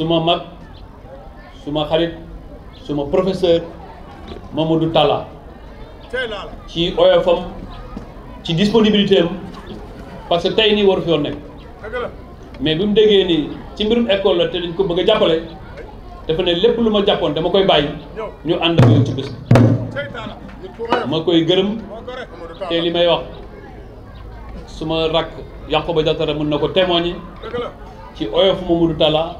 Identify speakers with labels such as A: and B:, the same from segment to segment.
A: suma mag suma xarit suma professeur Mamadou Talla ci oyofam ci disponibilité am parce que tey nii waru fi woon nekk mais bi mu déggee ni ci mbirum école la te dañ ko bëgg a jàppale dafa ne lépp lu ma jàppoon dama koy bàyyi ñu ànd ak yow ci bés ma koy gërëm te li may wax suma rakk Yankhoba Diattara mën na ko témoigner ci oyof Mamadou Talla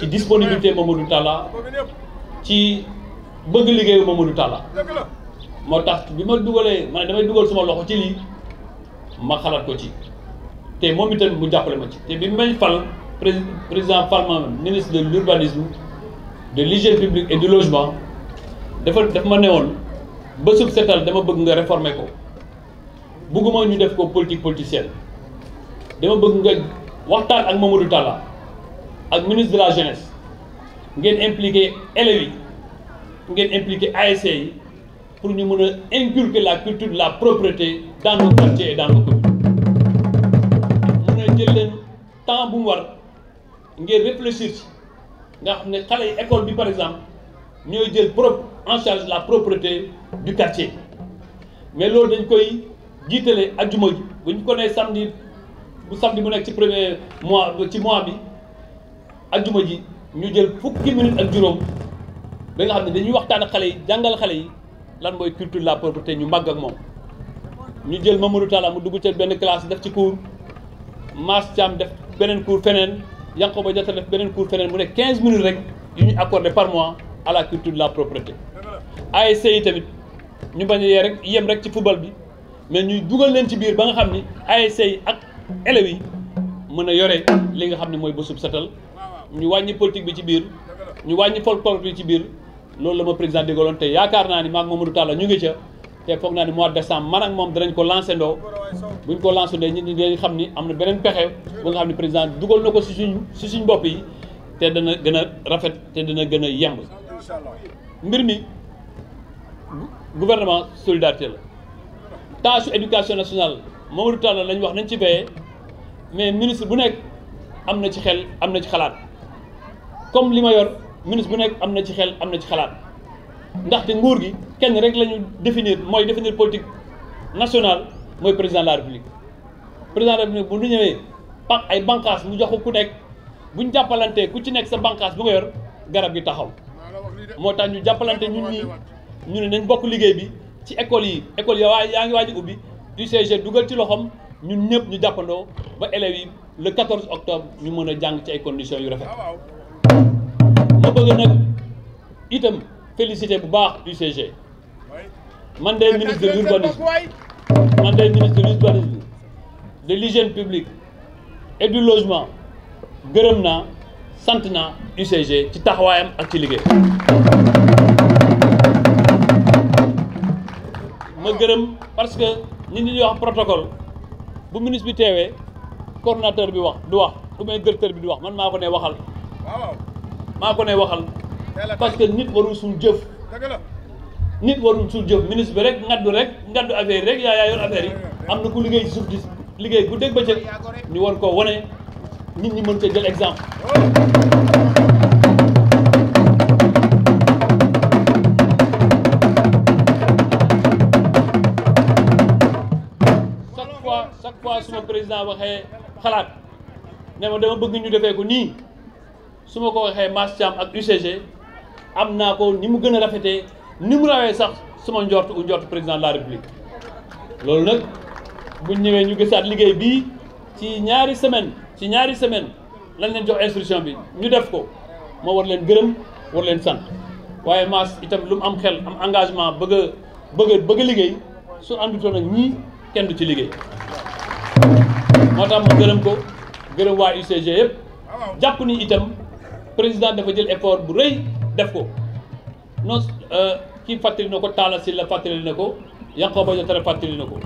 B: ci disponibilité
A: Mamadou Talla ci bëgg liggéeyu Mamadou Talla moo tax bi ma dugalee ma ne damay dugal suma loxo ci lii ma xalaat ko ci te moom itam mu jàppale ma ci te bi may fal président Palma ministre de l'urbanisme de l'hygiène publique et du logement dafa daf ma newoon bésub setal dama bëgg nga réformer ko bugguma ñu def ko politique politicienne dama bëgg nga waxtaan ak Mamadou Talla ak ministre de la jeunesse ngeen impliqué élèves yi ngeen impliqué ASC yi pour ñu mën a inculquer la culture de la propreté dans nos quartiers et dans nos communes mën jël leen temps bu mu war ngeen réfléchir ci nga xam ne xale yi école bi par exemple ñooy jël propre en charge la propreté du quartier mais loolu dañ koy jiitale ajuma ji bu ñu ko nee samedi. bu samedi bu nekk ci premier mois ci mois bi ak ajjuma ji ñu jël fukki minutes ak juróom ba nga xam ne dañuy waxtaan ak xale yi jàngal xale yi lan mooy culture la pauvreté ñu màgg ak moom ñu jël ma Mamadou Talla mu dugg ci benn classe def ci cours Mass Thiam def beneen cours feneen Yankoba Diatta def beneen cours feneen mu ne 15 minutes rek yu ñuy accordé par mois à la culture de la propreté ASC yi tamit ñu bañ a yee rek yem rek ci football bi mais ñuy dugal leen ci biir ba nga xam ni ASC élèves yi mën a yore li nga xam ne mooy bësub setal ñu wàññi politique bi ci biir ñu wàññi folklore bi ci biir loolu la ma président dégaloon te yaakaar naa ni maak Mamadou Talla ñu ngi ca te foog naa ni mois de décembre man ak moom danañ ko lancé ndoo buñ ko lancé ndoo ñi dañ xam ni am na beneen pexe bu nga xam ne président dugal na ko si suñ si suñ bopp yi te dana gën a rafet te dana gën a yemb mbir mi gouvernement solidarité la tâche éducation nationale Mauritanie lañ wax nañ ci veillé mais ministre bu nekk am na ci xel am na ci xalaat comme li ma yor ministre bu nekk am na ci xel am na ci xalaat ndaxte nguur gi kenn rek lañu ñu mooy définir politique nationale mooy président de la république président de la république bu ñu ñëwee pax ay bànqaas mu jox ko ku nekk bu ñu jàppalantee ku ci nekk sa bànqaas bu nga yor garab gi taxaw moo tax ñu jàppalante ñun ñii ñu ne nañ bokk liggéey bi ci école yi école yi waaye yaa ngi waaj ubbi. UCG dugal ci loxoom ñun ñëpp ñu jàppandoo ba élèves yi le 14 octobre ñu mën a jàng ci ay conditions yu rafet ah, ma bëgg nag itam félicité bu baax UCG man de ministre de l'urbanisme man de ministre de l'urbanisme de l'hygiène gërëm naa sant naa UCG ci taxawaayam ak ci liggéey ma gërëm parce que ñi ñuy wax protocole bu ministre bi teewee coordonnateur bi wax du wax ou bien directeur bi du wax man maa ko ne waxal maa ko ne waxal parce que nit warul suul jëf nit warul suul jëf ministre bi rek ngaddu rek ngaddu affaire yi rek yaa yaa yor affaire yi am na ku liggéey ci suuf di liggéey bu dégg bëccëg ñu war koo wane nit ñi mën ko jël exemple oh. fois chaque fois su ma président waxee xalaat ne ma dama bëgg ñu defee ko nii su ma ko waxee Mass Thiam ak UCG am naa ko ni mu gën a rafetee ni mu rawee sax suma njort u njort président la république loolu nag bu ñëwee ñu gisaat liggéey bii ci ñaari semaine ci ñaari semaine lañ leen jox instruction bi ñu def ko ma war leen gërëm war leen sant waaye Mass itam lu mu am xel am engagement bëgg a bëgg a bëgg a liggéey su àndutoon ak ñii kenn du ci liggéey moo tax mu gërëm ko gërëm waa UCG yëpp jàpp ni itam président dafa jël effort bu rëy def ko non euh, kii fàttali na ko Talla la fàttali na ko Yankhoba Diattara fàttali na ko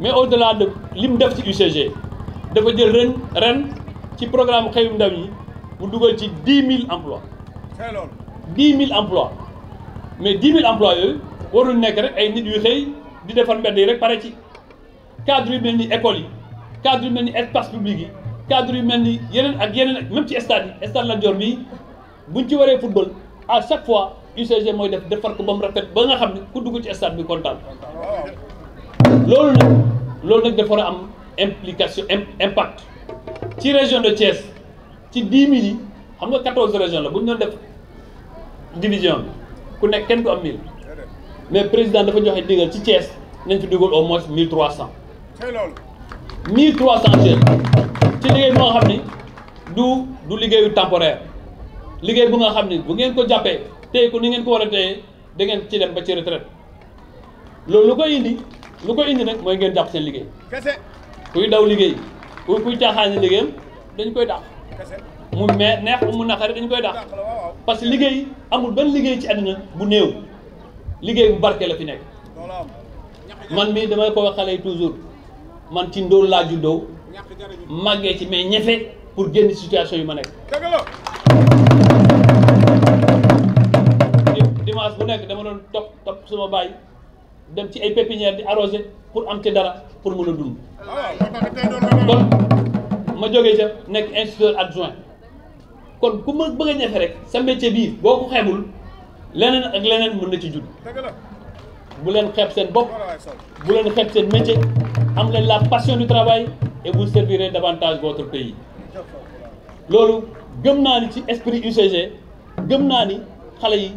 A: mais au delà de li mu def ci UCG dafa jël ren ren ci programme xëyum ndaw yi mu dugal ci dix mille emplois dix mille emplois mais dix mille emplois yooyu warul nekk rek ay nit yu xëy di defar mbedd yi rek pare ci cadre yu mel ni école yi cadre yu mel ni espace public yi cadre yu mel ni yeneen ak yeneen ak mel ci stade yi stade Lat Dior mii buñ ci waree football à chaque fois UCG mooy def defar ko ba mu rafet ba nga xam ne ku dugg ci stade bi kontaan loolu nag loolu nag dafa am implication impact ci région de Thiès ci 10 000 yi xam nga 14 régions la bu ñu doon def division bi ku nekk kenn ku am 1000 mais président dafa joxe digal ci Thiès nañ fi dugal au moins 1300. mille trois ci liggéey bu nga xam ni du du liggéeyu temporaire liggéey bu nga xam ni bu ngeen ko jàppee tey ko ni ngeen ko war a téye da ngeen ci dem ba ci retraite loolu lu koy indi lu ko indi nag mooy ngeen jàpp seen liggéey kuy daw liggéey ku kuy caaxaani liggéeyam dañ koy dàq mu mee neex mu naqari dañ koy dàq parce que liggéey amul benn liggéey ci àddina bu néew liggéey bu barke la fi nekk man mii damay ko wax xale yi toujours man ci ndóol laa juddoo màggee ci mais ñefe pour génn situation yu ma nekk. dimanche bu nekk dama doon topp topp suma baay dem ci ay pépinière di arrosé pour am ci dara pour mën a dund. Ah, kon ma jógee ca nekk instituteur adjoint kon ku ma bëgg ñefe rek sa métier bii boo ko xeebul leneen ak leneen mën na ci judd bu leen xeeb seen bopp bu leen xeeb seen métier. am leen la passion du travail et vous servirez davantage votre pays loolu gëm naa ni ci esprit UCG gëm naa ni xale yi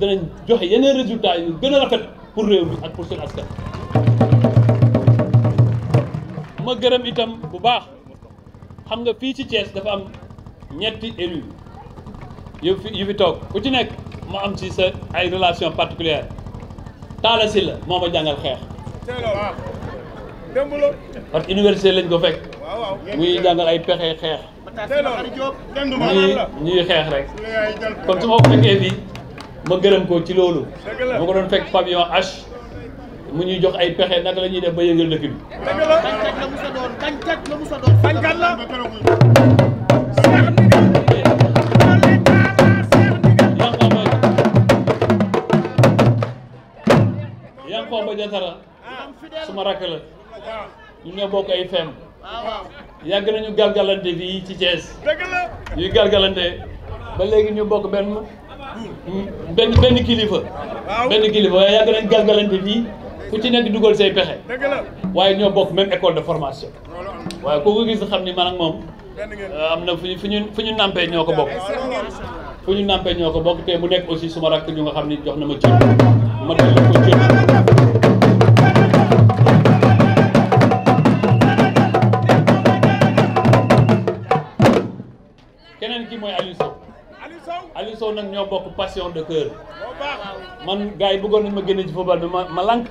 A: danañ joxe yeneen résultats yu gën a rafet pour réew mi ak pour seen askan. ma gërëm itam bu baax xam nga fii ci Thiès dafa am ñetti élus yi fi yu fi toog ku ci nekk ma am ci sa ay relation particulière Talla la moo ma jàngal xeex. parce que université lañ ko fekk muy jàngal ay pexe xeex ñuy ñuy xeex rek kon su ma ko fekkee fii ma gërëm ko ci loolu ma ko doon fekk pavillon H mu ñuy jox ay pexe naka la ñuy def ba yëngal dëkk bi bañkat la Yankhoba Diattara suma rakk ñun ñoo bokk ay fem yàgg nañu galgalante fii ci Thiès yuy galgalante ba léegi ñu bokk benn hmm, benn benn kilifa benn kilifa waaye yàgg nañu galgalante fii ku ci nekk dugal say pexe waaye ñoo bokk même école de formation waaye ku ko gis xam ni man ak moom euh, am na fu ñu fu ñu fu ñu nampee ñoo ko bokk fu ñu nampee ñoo ko bokk te mu nekk aussi suma rakk ñu nga xam ni jox na ma cër ma delloo ko cër keneen ki mooy Aliou Sow Aliou Sow nag ñoo bokk passion de cœur man gars yi bëggoon nañ ma génne ci football bi ma ma lànk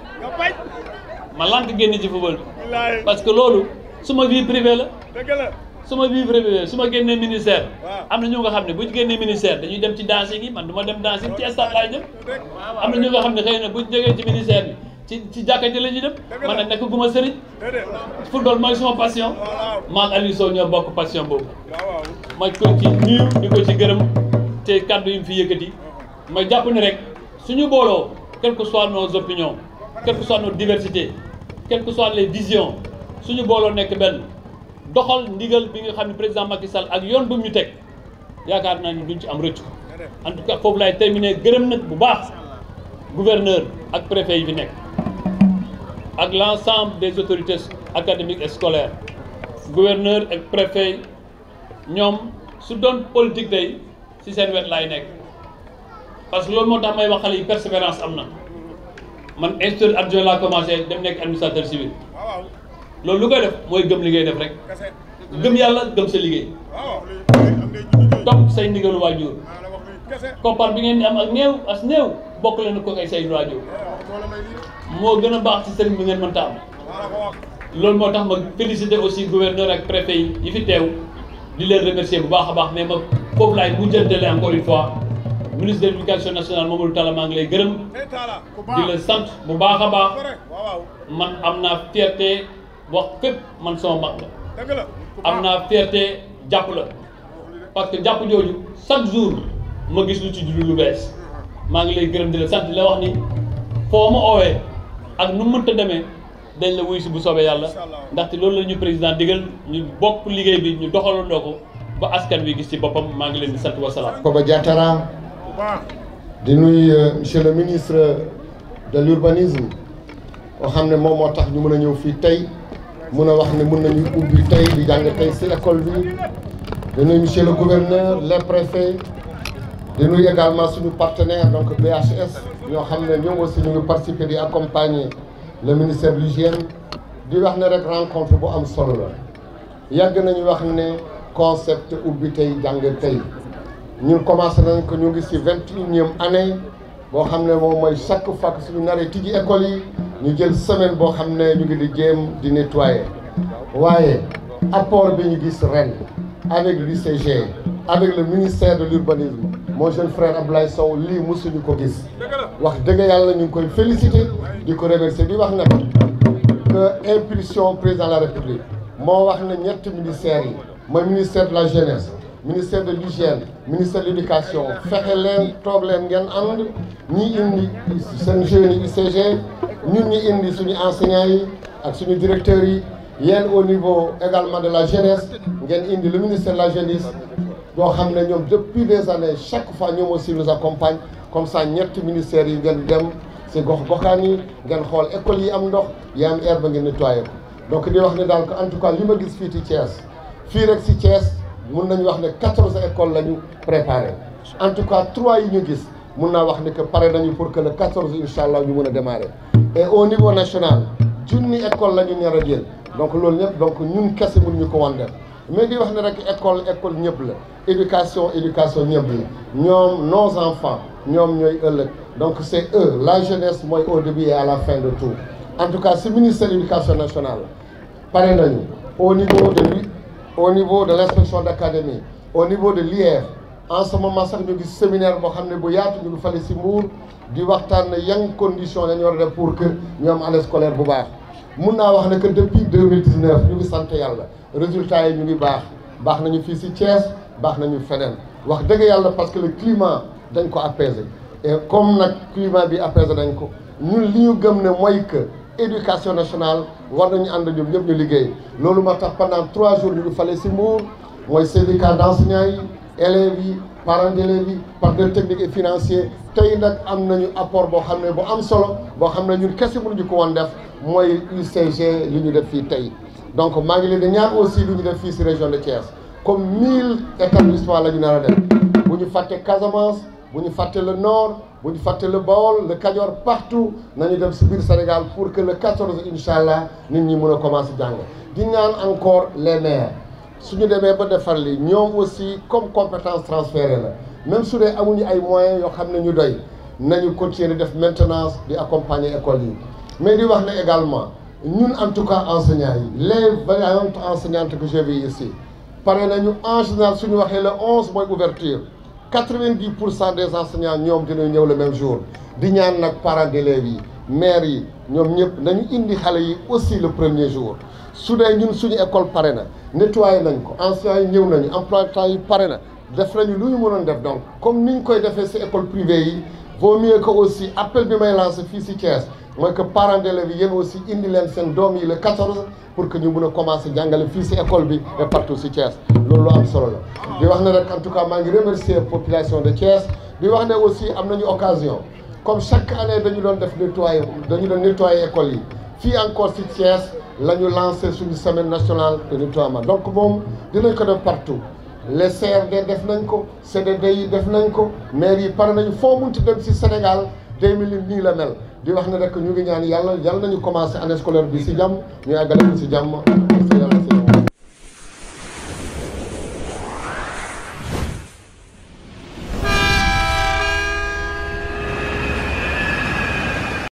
A: ma lànk génne ci football bi parce que loolu suma vie privée la su ma vie privée su ma génnee ministère am na ñu nga xam ne bu ñu ministère dañuy dem ci danse gi man du ma dem danse ci stade laay am na ñu nga xam ne xëy na bu ñu jógee ci ministère bi ci ci jàkka ji la ñuy dem man nag nekk guma sëriñ football mooy suma passion maak Aliou ñoo bokk passion boobu ma ko ci nuyu di ko ci gërëm te kàddu yi mu fi yëkkati ma jàpp ni rek suñu booloo quelles que soient nos opinions quelles que soient nos diversités quelles que soient les visions suñu booloo nekk benn doxal ndigal bi nga xam ne président Macky Sall ak yoon bu ñu teg yaakaar naa ni duñ ci am rëccu en tout foofu laay terminer gërëm nag bu baax gouverneur ak préfet yi bi nekk ak l'ensemble des autorités académiques et scolaires gouverneur ak préfet ñoom su doon politique day ci seen wet laay nekk parce que loolu moo tax may wax xale yi persévérance am na man instructeur adjoint laa commencé dem nekk administrateur civil loolu lu koy def mooy gëm li def rek gëm yàlla gëm sa liggéey topp say ndigalu waajur koppar bi ngeen di am ak néew as néew bokk leen ko ay say waajur moo gën a baax ci sëriñ bi ngeen mën ta loolu moo tax ma félicité aussi gouverneur ak préfet yi yi fi teew li leen remercier bu baax a baax mais ma foofu laay mujjantale encore une fois ministre de l' éducation nationale Mamadou Talla maa ngi lay gërëm di la sant bu baax a baax man am naa fierté wax fépp man sama mag la am naa fierté jàpp la parce que jàpp jooju chaque jour ma gis lu ci julu lu bees uh-huh. maa ngi lay gërëm di la sant di la wax ni foo ma oowee ak nu mënta demee dañ la wuy si bu soobee yàlla ndaxte loolu la ñu président digal ñu bopp liggéey bi ñu doxalandoo ko ba askan bi gis ci boppam maa ngi leen di sant wa salaam.
B: Koba Diatara di nuy euh, monsieur le ministre de l'urbanisme boo xam ne moom moo tax ñu mën a ñëw fii tey mun a wax ne mun nañu ubbi tey di jàng tey si école bi di nuyu monsieur le gouverneur les préfets di nuyu également suñu partenaire donc BHS ñoo xam ne ñoom aussi ñu ngi di accompagner. le ministère de l'hygiène di wax ne rek rencontre bu am solo la yàgg nañu wax ne concept ubbi tey jàng tey ñun commencé nañ ko ñu ngi ci vingt et unième année boo xam ne moom mooy chaque fois suñu naree tijji école yi ñu jël semaine boo xam ne ñu ngi di jéem di nettoyer waaye apport bi ñu gis ren avec l'UCG avec le ministère de l'urbanisme mon jeune frère Abdoulaye Sow lii mosuñu ko gis wax dëgg yàlla ñu ngi koy féliciter di ko remercier di wax na ko que impulsion président de la république moo wax na ñetti ministères yi mooy ministère de la jeunesse ministère de l'hygiène ministère de l'éducation fexe leen toog leen ngeen ànd ñi indi seen jeunes yi UCG ñun ñi indi suñu enseignants yi ak suñu directeurs yi yéen au niveau également de la jeunesse ngeen indi le ministère la jeunesse boo xam ne ñoom depuis des années chaque fois ñoom aussi nous accompagne comme sa ñetti ministères yi ngeen dem si gox goxaan yi ngeen xool école yi am ndox yi am air ba ngeen nettoyé ko donc di wax ne daal en tout cas li ma gis fii ci Thiès fii rek si Thiès mun nañu wax ne quatorze écoles la ñu préparé en tout cas trois yi ñu gis mun naa wax ne que pare nañu pour que le quatorze incha allah ñu mën a démarrer et au niveau national junni école la ñu nar a jël donc loolu ñëpp donc ñun kese mënuñu ko wan def mais di wax ne rek école école ñëpp la éducation éducation ñëpp la ñoom nos enfants ñoom ñooy ëllëg donc c' est eux la jeunesse mooy au début et la fin de tout en tout cas si ministère éducation national pare nañu au niveau de lui au niveau de l' inspection d' académie au niveau de l'IEF en ce moment sax ñu séminaire boo xam ne bu yaatu ñu ngi fale si Mbour di waxtaan yan condition la ñu war a pour que ñu am année scolaire bu baax mun naa wax ne que depuis deux mille dix neuf ñu ngi sant yàlla résultat yi ñu ngi baax baax nañu fii si Thiès baax nañu feneen wax dëgg yàlla parce que le dañ ko apaisé et comme nag climat bi apaisé dañ ko ñun li ñu gëm ne mooy que éducation nationale war nañu ànd ñoom ñëpp ñu liggéey loolu moo tax pendant trois jours ñu ngi fale si Mbour mooy syndicat d' enseignants yi élèves yi. parents d'élèves yi partenaires techniques et financiers tey nag am nañu apport boo xam ne boo am solo boo xam ne ñun kese mënuñu ko woon def mooy UCG li ñu def fii tey donc maa ngi leen di ñaan aussi li ñu def fii si région de Thiès comme mille établissements la ñu nar a def bu ñu fàtte Casamance bu ñu fàtte le nord bu ñu fàtte le Baol le Kajoor partout nañu dem si biir Sénégal pour que le 14 incha allah nit ñi mën a commencer jàng di ñaan encore les maires. suñu demee ba defar li ñoom aussi comme compétence transférée la même su dee amuñu ay moyens yoo xam ne ñu doy nañu continuer def maintenance di accompagner école yi mais di wax na également ñun en tout cas enseignants yi les variantes enseignantes que j'ai vu si pare nañu en général suñu waxee le onze mooy ouverture quatre-vingt-dix pour cent des enseignants ñoom dinañ ñëw le même jour di ñaan nag parents d'élèves yi maire yi ñoom ñëpp nañu indi xale yi aussi le premier jour su dee ñun suñu école pare na nettoyé nañ ko enseignants yi ñëw nañu emploi temps yi pare na def nañu lu ñu mënoon def donc comme ni ñu koy defee si école privée yi vaut mieux aussi appel bi may lancé fii si Thiès mooy que parents d'élèves yi yéen aussi indi leen seen doom yi le 14 pour que ñu mun a commencé jàngale fii si école bi et partout si Thiès loolu lu am solo la. di wax na rek en tout cas maa ngi remercier population de Thiès di wax ne aussi am nañu occasion. comme chaque année dañu doon def nettoyer dañu doon nettoyer école yi fii encore ci Thiès la ñu lancé suñu semaine nationale de ma donc moom dinañ ko def partout les CRD def nañ ko CDD yi def nañ ko maire yi pare nañu foo munti dem ci Sénégal 2000 nii la mel di wax na rek ñu ngi ñaan yàlla yàlla nañu commencé année scolaire bi ci jàmm ñu àggale ko ci jàmm.